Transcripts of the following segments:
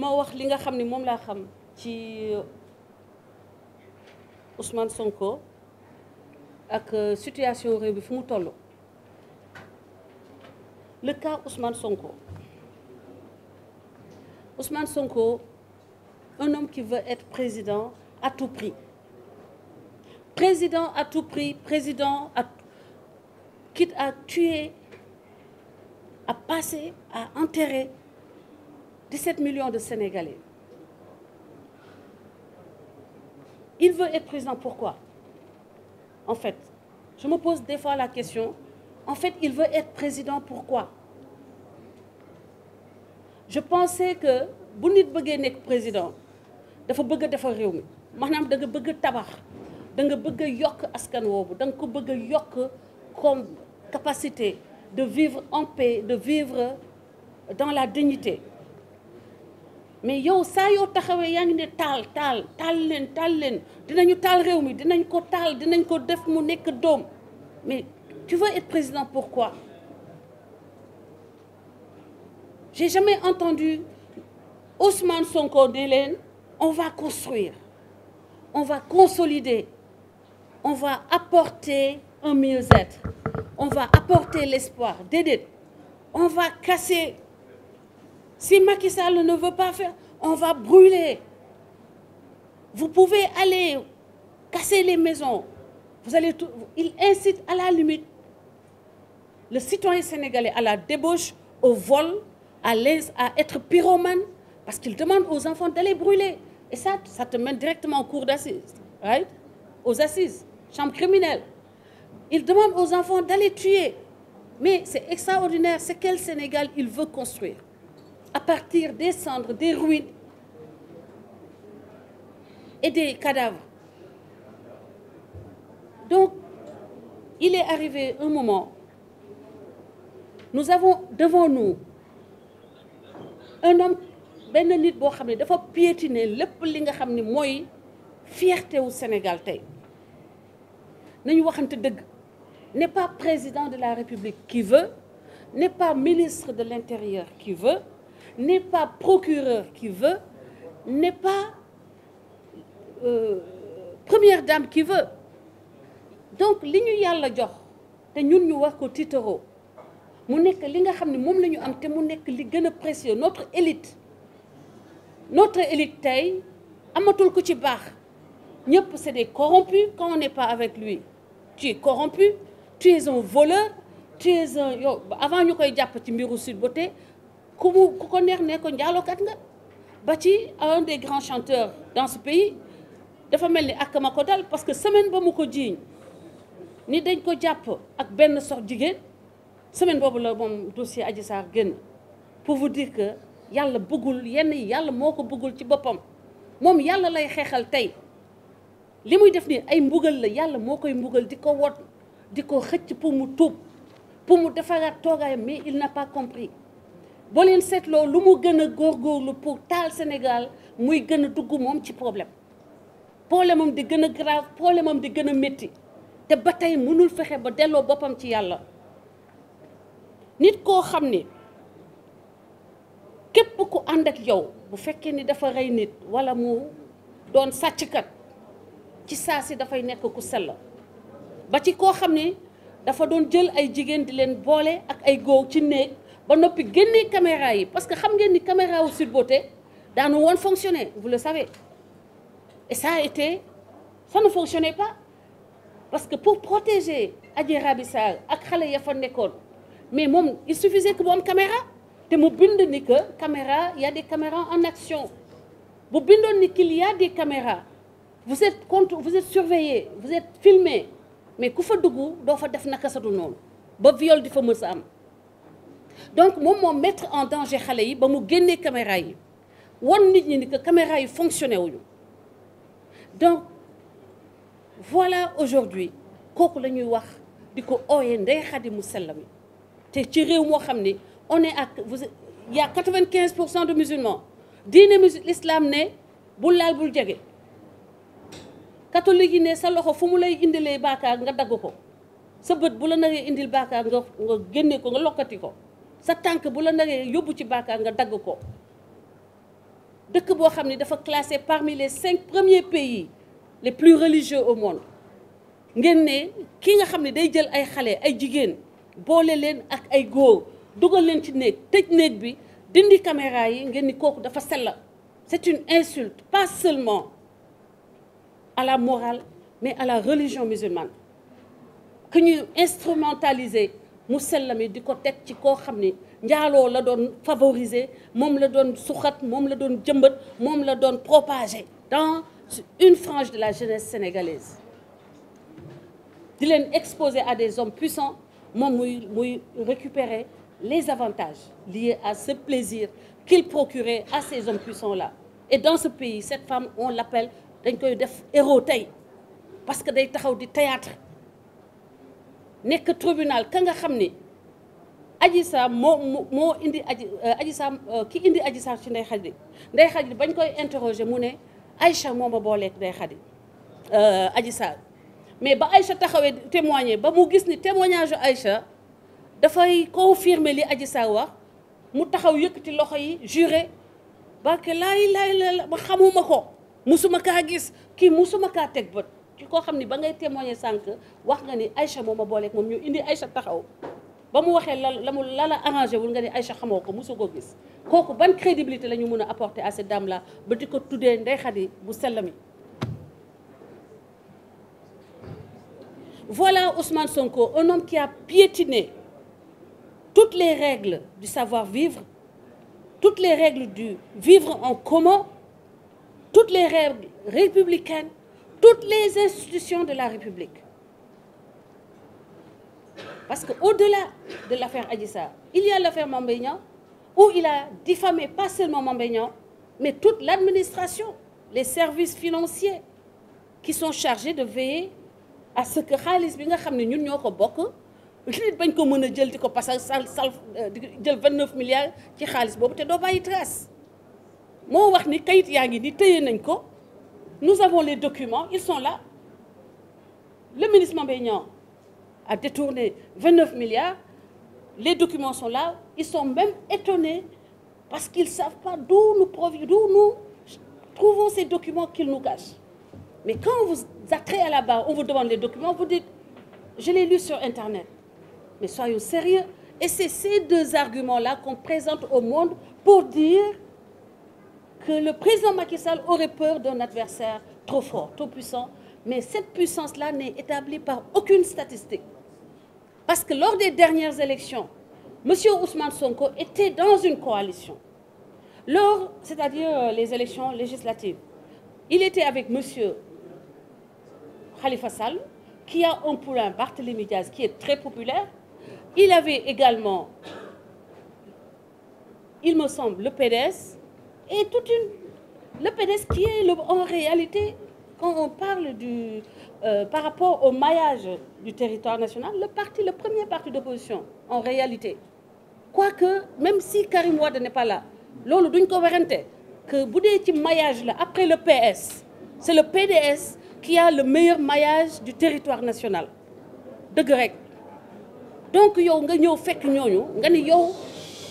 moo wax li nga xam ni moom laa xam ci usman Sonko ak situation réew bi fu mu toll le cas Ousmane Sonko Ousmane Sonko un homme qui veut être président à tout prix président à tout prix président à quitte à tuer, à passer, à enterrer 17 millions de Sénégalais. Il veut être président, pourquoi En fait, je me pose des fois la question, en fait, il veut être président, pourquoi Je pensais que, bu nit bëggee nekk président dafa bëgg a defar réew mi maanaam da nga bëgg tabax da nga bëgg yokk askan woowu danga nga ko bëgg a yokk comme capacité de vivre en paix de vivre dans la dignité mais yow saa yoo taxawee yaa ngi ne taal taal taal leen taal leen dinañu taal réew mi dinañ ko taal dinañ ko def mu nekk doom mais tu veux être président pourquoi j'ai jamais entendu Ousmane Sonko ne leen on va construire on va consolider on va apporter un mieux-être on va apporter l'espoir déedéet on va casser si Macky Sall ne veut pas faire on va brûler vous pouvez aller casser les maisons vous allez tout il incite à la limite le citoyen sénégalais à la débauche au vol à l'aise à être pyromane parce qu'il demande aux enfants d'aller brûler et ça ça te mène directement en cour d'assises right aux assises chambre criminelle Il demande aux enfants d'aller tuer. Mais c'est extraordinaire, c'est quel Sénégal il veut construire à partir des cendres, des ruines et des cadavres. Donc, il est arrivé un moment, nous avons devant nous un homme benn nit boo xam ne dafa piétiner lépp li nga xam ne mooy fierté wu Sénégal tey nañu waxante dëgg n'est pas président de la République qui veut, n'est pas ministre de l'Intérieur qui veut, n'est pas procureur qui veut, n'est pas euh, première dame qui veut. donc li ñu yàlla jox te ñun ñu war ko tiitaroo mu nekk li nga xam ni moom la ñu am te mu nekk li gën a précieux notre élite notre élite tey amatul ku ci baax ñëpp c'est des corrompus quand on n'est pas avec lui tu es corrompu tu es un voleur tu es yow avant ñu koy jàpp ci mbiru Sweet Beauté ku mu ku ko neex ne ko njaalookat nga ba ci un des grands chanteurs dans ce pays dafa mel ni ak ma ko dal parce que semaine ba mu ko jiiñ ni dañ ko jàpp ak benn sox jigéen semaine boobu la moom dossier Adji génn pour vous dire que yàlla bëggul yenn yàlla moo ko bëggul ci boppam moom yàlla lay xeexal tey li muy def nii ay mbugal la yàlla moo koy mbugal di ko wot di ko xëcc pour mu tuub pour mu defaraat toogaayam mais il n'a pas compris boo leen seetloo lu mu gën a góor góorlu pour taal Sénégal muy gën a dugg moom ci problème problème am di gën a grave problème am di gën a métti te ba tey mënul fexe ba delloo boppam ci yàlla nit koo xam ni képp ku àndak yow bu fekkee ni dafa rey nit walla mu doon sàcckat ci saa si dafay nekk ku sell ba ci koo xam ni dafa doon jël ay jigéen di leen boole ak ay góor ci néeg ba noppi génnee caméra yi parce que xam ngeen ni caméra wu Sud daanu woon fonctionner vous le savez et ça a été ça ne fonctionnait pas parce que pour protéger Adji Raby ak xale ya fa nekkoon mais moom il suffisait que mu am caméra te mu bind ni que caméra y a des en action bu bindoon ni qu'il y a des vous êtes compte vous êtes surveillé vous êtes filmé mais ku fa dugg doo fa def naka sadu noonu ba viol di fa mës a am donc moom moom mettre en danger xale yi ba mu génnee caméra yi wan nit ñi ni que caméra yi fonctionné wuñu donc voilà aujourd'hui kooku la ñuy wax di ko ooyee Ndeye Khady mu sellami te ci réew moo xam ni on est ak vous y quinze pour cent de musulmans diine musul l'islam ne bu laal bul jege catholique yi ne sa loxo fu mu lay indilee baakaar nga dagg ko sa bët bu la nagee indil baakaar nga nga génne ko nga lokkati ko sa tànk bu la nagee yóbbu ci baakaar nga dagg ko dëkk boo xam ne dafa classé parmi les cinq premiers pays les plus religieux au monde ngeen ne ki nga xam ne day jël ay xale ay jigéen boole leen ak ay góor dugal leen ci néeg tëj néeg bi dindi caméra yi ngeen ni kooku dafa sella c'est une insulte pas seulement à la morale mais à la religion musulmane que ñuy instrumentaliser mu sellami di ko teg ci koo xam ni njaaloo la doon favoriser moom la doon suxat moom la doon jëmbat moom la doon propager dans une frange de la jeunesse sénégalaise di leen exposer à des hommes puissants moom muy muy récupérer les avantages liés à ce plaisir qu'il procurait à ces hommes puissants là et dans ce pays cette femme on l'appelle dañ koy def héros tey parce que day taxaw di théâtre nekk tribunal ka nga xam ni aji saa moo moo indi aji euh, aji saa euh, ki indi aji saa ci ndey xadi ndey xadi bañ koy interroger mu ne Aïcha moo ma booleeg ndey xadi euh, aji mais ba Aïcha taxawee témoigner ba mu gis ni témoignage Aïcha dafay confirmer li aji saa wax mu taxaw yëkkati loxo yi jure ba que laay laay la ma xamuma ko musuma kaa gis kii musuma kaa teg bët ki koo xam ni ba ngay témoigner sànq wax nga ni Aïcha moo ma booleeg moom ñu indi Aïcha taxaw ba mu waxee la la mu la la arrangé wul nga ni Aïcha xamoo ko musu koo gis kooku ban crédibilité la ñu mën a apporter à cette dame là ba di ko tuddee Ndeye Khady bu sell mi voilà Ousmane Sonko un homme qui a piétiné toutes les règles du savoir-vivre toutes les règles du vivre en commun toutes les règles républicaines, toutes les institutions de la République. Parce qu'au-delà de l'affaire Adissa, il y a l'affaire Mambéignan, où il a diffamé pas seulement Mambéignan, mais toute l'administration, les services financiers qui sont chargés de veiller à ce que xaalis bi nga xam ne ñun ñoo ko bokk nit bañ ko mën a jël di ko pasal sal sal euh, jël vingt neuf milliards ci xaalis boobu te do bàyyi trace moo wax ni kayit yaa ngi di téye nañ ko nous avons les documents ils sont là le ministre Mame Mbaye Niang a détourné milliards les documents sont là ils sont même étonnés parce qu'ils savent pas d'où nous provient d'où nous trouvons ces documents qu'ils nous cachent mais quand vous attrez à la barre on vous demande les documents vous dites je l'ai lu sur internet mais soyons sérieux et c'est ces deux arguments là qu'on présente au monde pour dire que le président Macky Sall aurait peur d'un adversaire trop fort, trop puissant. Mais cette puissance-là n'est établie par aucune statistique. Parce que lors des dernières élections, M. Ousmane Sonko était dans une coalition. Lors, c'est-à-dire euh, les élections législatives, il était avec M. Khalifa Sall, qui a un poulain, Barthélémy Diaz, qui est très populaire. Il avait également, il me semble, le PDS, Et toute une... le PDS qui est le... en réalité, quand on parle du, euh, par rapport au maillage du territoire national, le parti, le premier parti d'opposition, en réalité. Quoique, même si Karim Wade n'est pas là, lolo d'une cohérente, que ci maillage là, après le PS, c'est le PDS qui a le meilleur maillage du territoire national. De grec. Donc, yo, nga ñeu fekk ñoñu, nga ni yow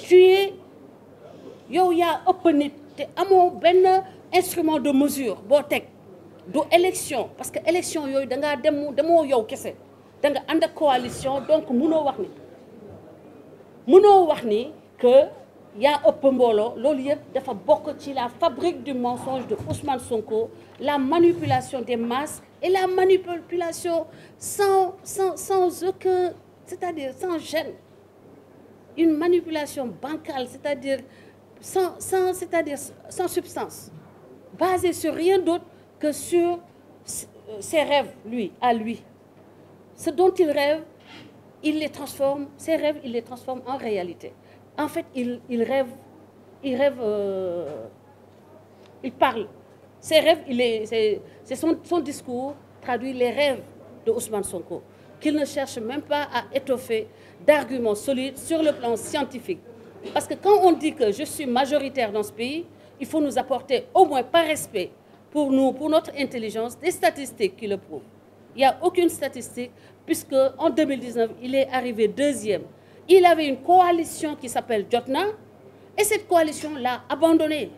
tu es ya ëpp nit te amoo benn instrument de mesure boo teg du élection parce que élection yooyu da ngaa dem demoo yow kese da nga ànd ak coalition donc mënoo wax ni mënoo wax ni que yaa ëpp mbooloo loolu yëpp dafa bokk ci la fabrique du mensonge de Ousmane Sonko la manipulation des masses et la manipulation sans sans sans aucun c'est-à-dire sans gêne une manipulation bancale c'est-à-dire sans, sans c'est-à-dire sans substance, basé sur rien d'autre que sur euh, ses rêves, lui, à lui. Ce dont il rêve, il les transforme, ses rêves, il les transforme en réalité. En fait, il, il rêve, il rêve, euh, il parle. Ses rêves, c'est son, son discours traduit les rêves de Ousmane Sonko, qu'il ne cherche même pas à étoffer d'arguments solides sur le plan scientifique. Parce que quand on dit que je suis majoritaire dans par respect pour nous, intelligence, des statistiques qui le prouvent. Il n'y a aucune statistique puisque en 2019, il est arrivé deuxième. Il avait une l'a abandonné.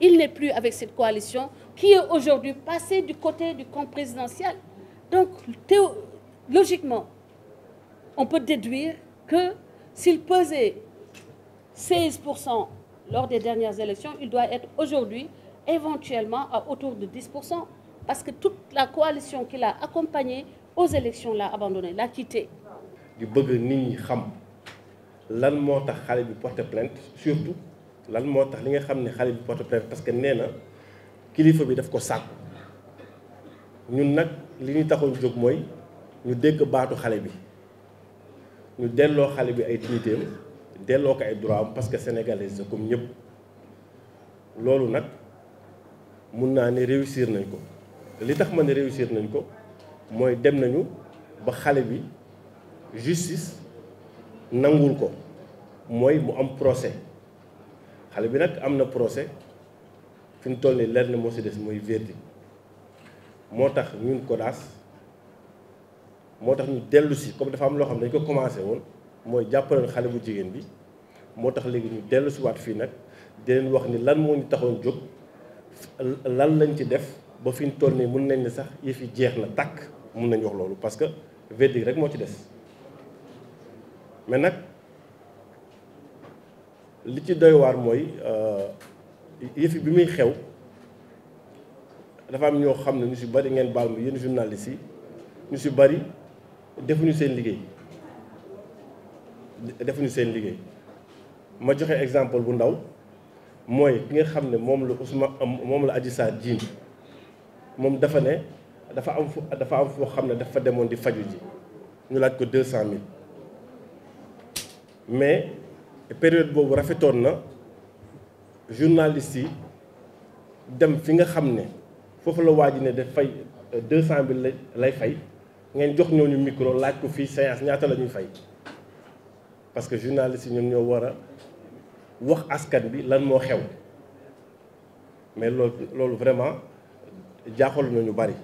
Il n'est plus avec cette coalition qui est aujourd'hui passée du côté 16% lors des dernières élections, il doit être aujourd'hui éventuellement à autour de parce que toute la coalition qui l'a accompagné aux élections l'a abandonné, l'a quitté. di bëgg nit ñi xam lan moo tax xale bi porté plainte surtout lan moo tax li nga xam ne xale bi porté plainte parce que nee na kilifa bi daf ko sàkku ñun nag li ñu taxoon jóg mooy ñu dégg baatu xale bi ñu delloo xale bi ay tiiteem delloo ko ay droit am parce que sénégalais sa comme ñëpp loolu nag mun naa ne réussir nañ ko li tax ma ne réussir nañ ko mooy dem nañu ba xale bi justice nangul ko mooy mu am procès xale bi nag am na procès fi mu toll nii leer na moo si des mooy verdict moo tax ñun ko CODAS moo tax ñu dellu si comme dafa am loo xam ne dañ ko commencé woon mooy jàppaleel xale bu jigéen bi moo tax léegi ñu dellu fii nag di leen wax ni lan moo ñu taxoon jóg lan lañ ci def ba fi ñu toll nii mun nañ ne sax yëf yi jeex na tàkk mun nañu wax loolu parce que verdict rek moo ci des mais nag li ci doy mooy euh, yëf yi bi muy xew dafa am ñoo xam ne ñu si bari ngeen baal mu yéen journaliste yi ñu si bari defuñu seen liggéey defuñu seen liggéey ma joxe exemple bu ndaw mooy ki nga xam ne moom la Ousmane moom la Adji saa jiin moom dafa ne dafa am fu dafa am foo xam ne dafa demoon di faju ji ñu laaj ko deux cent mil mais période boobu rafetoon na journaliste yi dem fi nga xam ne foofu la waa ji ne daf fay deux cent mille lay fay ngeen jox ñooñu micro laaj ko fii séance ñaata la ñuy fay parce que journalistes yi ñoom ñoo war a wax askan bi lan moo xew mais loolu loolu vraiment jaaxal na ñu bari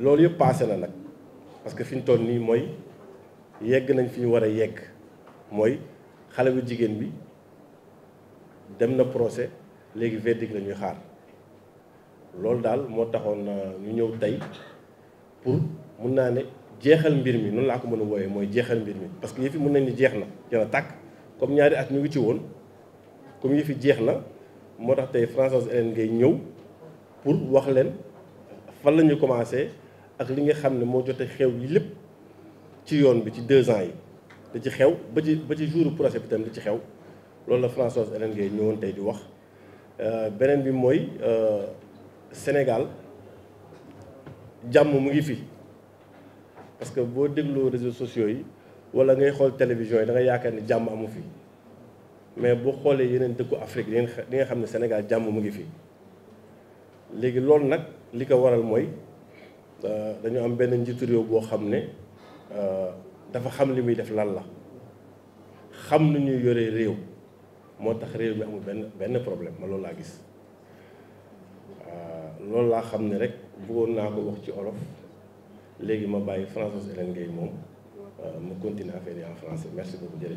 loolu yëpp passé na nag parce que fi ñu toll nii mooy yegg nañ fi ñu war a yegg mooy xale bu jigéen bi dem na procès léegi verdict la ñuy xaar loolu daal moo taxoon euh, ñu ñëw tey pour mun naa ne. jeexal mbir mi noonu laa ko mën a wooyee mooy jeexal mbir mi parce que yëf yi mën nañ ni jeex na jeex na tàkk comme ñaari at ñu ngi ci woon comme yi fi jeex na moo tax tey Françoise Hélène ngay ñëw pour wax leen fan la ñu commencé ak li nga xam ne moo jote xew yi lépp ci yoon bi ci deux ans yi da ci xew ba ci ba ci jour procès bi tam da ci xew loolu la Françoise Hélène ngay ñëwoon tey di wax euh, beneen bi mooy euh, Sénégal jàmm mu ngi fi parce que boo dégloo réseaux sociaux yi wala ngay xool télévision yi da yaakaar ni jàmm amu fi mais boo xoolee yeneen dëkku Afrique di nga xam ne Sénégal jàmm mu ngi fii léegi loolu nag li ko waral mooy euh, dañu am benn njiitu réew boo xam ne euh, dafa xam li muy def lan la xam nu ñuy yore réew moo tax réew mi amul benn benn problème ma loolu laa gis euh, loolu laa xam ne rek buggoon naa ko wax ci olof léegi ma bàyyi Françoise Hélène Guèye moom euh, mu continuer affaire yi en français merci beaucoup jël